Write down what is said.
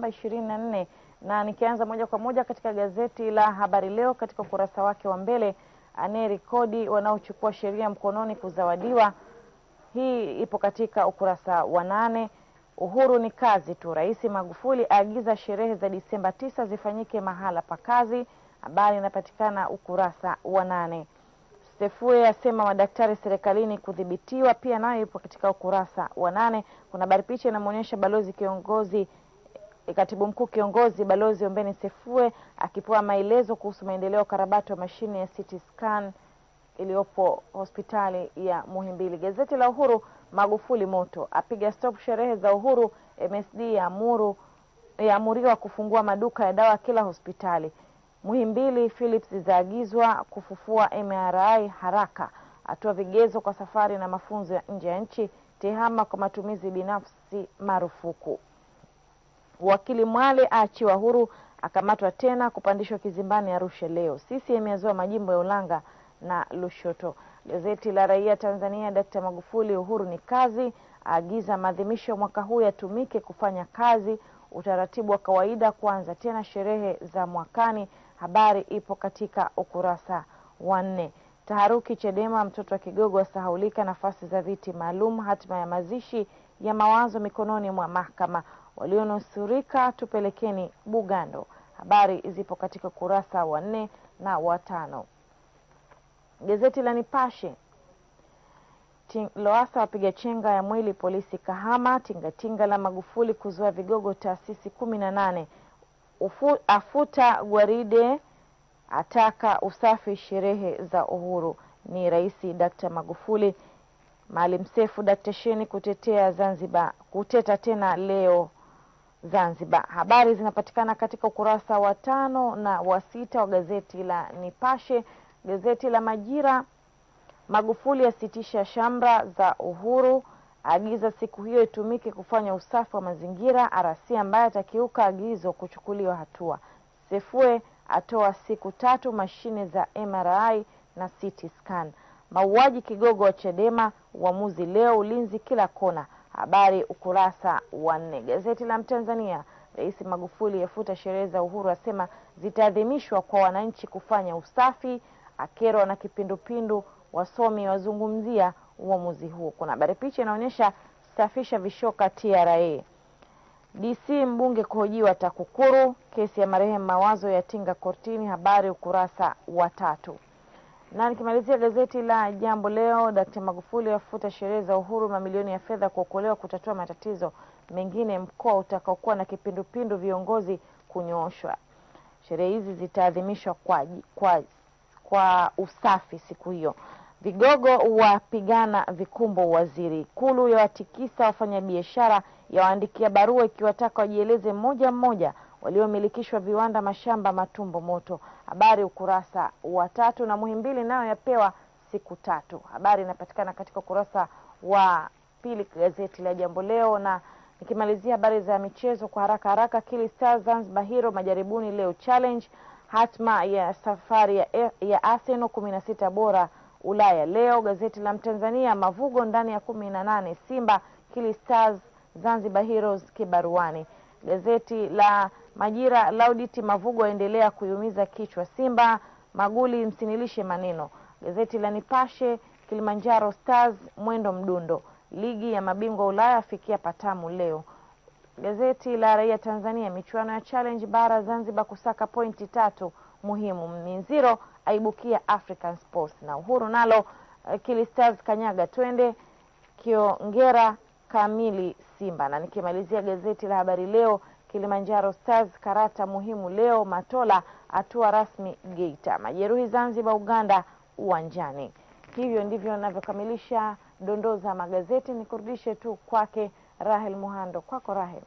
Novemba 24 na na nikianza moja kwa moja katika gazeti la Habari Leo katika ukurasa wake wa mbele, anayerekodi wanaochukua sheria mkononi kuzawadiwa. Hii ipo katika ukurasa wa nane. Uhuru ni kazi tu. Rais Magufuli aagiza sherehe za Disemba tisa zifanyike mahala pa kazi. Habari inapatikana ukurasa wa nane. Sefue asema madaktari serikalini kudhibitiwa, pia nayo ipo katika ukurasa wa nane. Kuna habari, picha inamwonyesha balozi kiongozi E, katibu mkuu kiongozi Balozi Ombeni Sefue akipewa maelezo kuhusu maendeleo ya ukarabati wa mashine ya CT scan iliyopo hospitali ya Muhimbili. Gazeti la Uhuru, Magufuli moto apiga stop sherehe za uhuru. MSD yaamuru yaamuriwa kufungua maduka ya dawa kila hospitali. Muhimbili Philips zaagizwa kufufua MRI haraka. Hatua vigezo kwa safari na mafunzo ya nje ya nchi. Tehama kwa matumizi binafsi marufuku. Wakili Mwale aachiwa huru, akamatwa tena kupandishwa kizimbani Arusha leo. CCM yazua majimbo ya Ulanga na Lushoto. Gazeti la Raia Tanzania, Dkt Magufuli, uhuru ni kazi, aagiza maadhimisho mwaka huu yatumike kufanya kazi, utaratibu wa kawaida kuanza tena sherehe za mwakani. Habari ipo katika ukurasa wa nne. Taharuki Chadema, mtoto wa kigogo asahaulika nafasi za viti maalum, hatima ya mazishi ya mawazo mikononi mwa mahakama, walionusurika tupelekeni Bugando. Habari zipo katika ukurasa wa nne na watano. Gazeti la Nipashe. Loasa wapiga chenga ya mwili polisi Kahama. Tingatinga la Magufuli kuzoa vigogo taasisi kumi na nane. Afuta gwaride ataka usafi sherehe za uhuru. Ni Rais dkt Magufuli. Maalim sefu dkt Sheni kutetea Zanzibar, kuteta tena leo Zanzibar. Habari zinapatikana katika ukurasa wa tano na wa sita wa gazeti la Nipashe. Gazeti la Majira, Magufuli asitisha shamra za uhuru, agiza siku hiyo itumike kufanya usafi wa mazingira. Arasi ambaye atakiuka agizo kuchukuliwa hatua. Sefue atoa siku tatu mashine za MRI na CT scan. Mauaji kigogo wa Chadema, uamuzi leo, ulinzi kila kona. Habari ukurasa wa nne. Gazeti la Mtanzania. Rais Magufuli afuta sherehe za uhuru, asema zitaadhimishwa kwa wananchi kufanya usafi. Akerwa na kipindupindu, wasomi wazungumzia uamuzi huo. Kuna habari, picha inaonyesha safisha vishoka TRA. DC mbunge kuhojiwa TAKUKURU. Kesi ya marehemu Mawazo ya tinga kortini, habari ukurasa wa tatu. Na nikimalizia gazeti la Jambo Leo, Dkt Magufuli afuta sherehe za uhuru, mamilioni ya fedha kuokolewa kutatua matatizo mengine, mkoa utakaokuwa na kipindupindu, viongozi kunyooshwa. Sherehe hizi zitaadhimishwa kwa, kwa, kwa usafi siku hiyo. Vigogo wapigana vikumbo waziri. Ikulu ya watikisa wafanyabiashara, yawaandikia barua ikiwataka wajieleze moja mmoja waliomilikishwa viwanda, mashamba, matumbo moto. Habari ukurasa wa tatu, na Muhimbili nayo yapewa siku tatu. Habari inapatikana katika ukurasa wa pili gazeti la Jambo Leo. Na nikimalizia habari za michezo kwa haraka haraka, Kili Stars Zanzibar Hero majaribuni leo challenge, hatma ya safari ya, e, ya Arsenal kumi na sita bora Ulaya leo. Gazeti la Mtanzania, Mavugo ndani ya kumi na nane Simba, Kili Stars Zanzibar Heroes kibaruani. Gazeti la Majira, Lauditi Mavugo aendelea kuiumiza kichwa Simba, Maguli msinilishe maneno. Gazeti la Nipashe, Kilimanjaro Stars mwendo mdundo, ligi ya mabingwa Ulaya afikia patamu leo. Gazeti la Raia Tanzania, michuano ya Challenge bara Zanzibar kusaka pointi tatu muhimu, Minziro aibukia African Sports na Uhuru nalo eh, Kili Stars kanyaga twende kiongera kamili Simba. Na nikimalizia gazeti la Habari Leo Kilimanjaro Stars karata muhimu leo, Matola atua rasmi Geita, majeruhi Zanzibar Uganda uwanjani. Hivyo ndivyo ninavyokamilisha dondoo za magazeti, nikurudishe tu kwake Rahel Muhando. Kwako Rahel.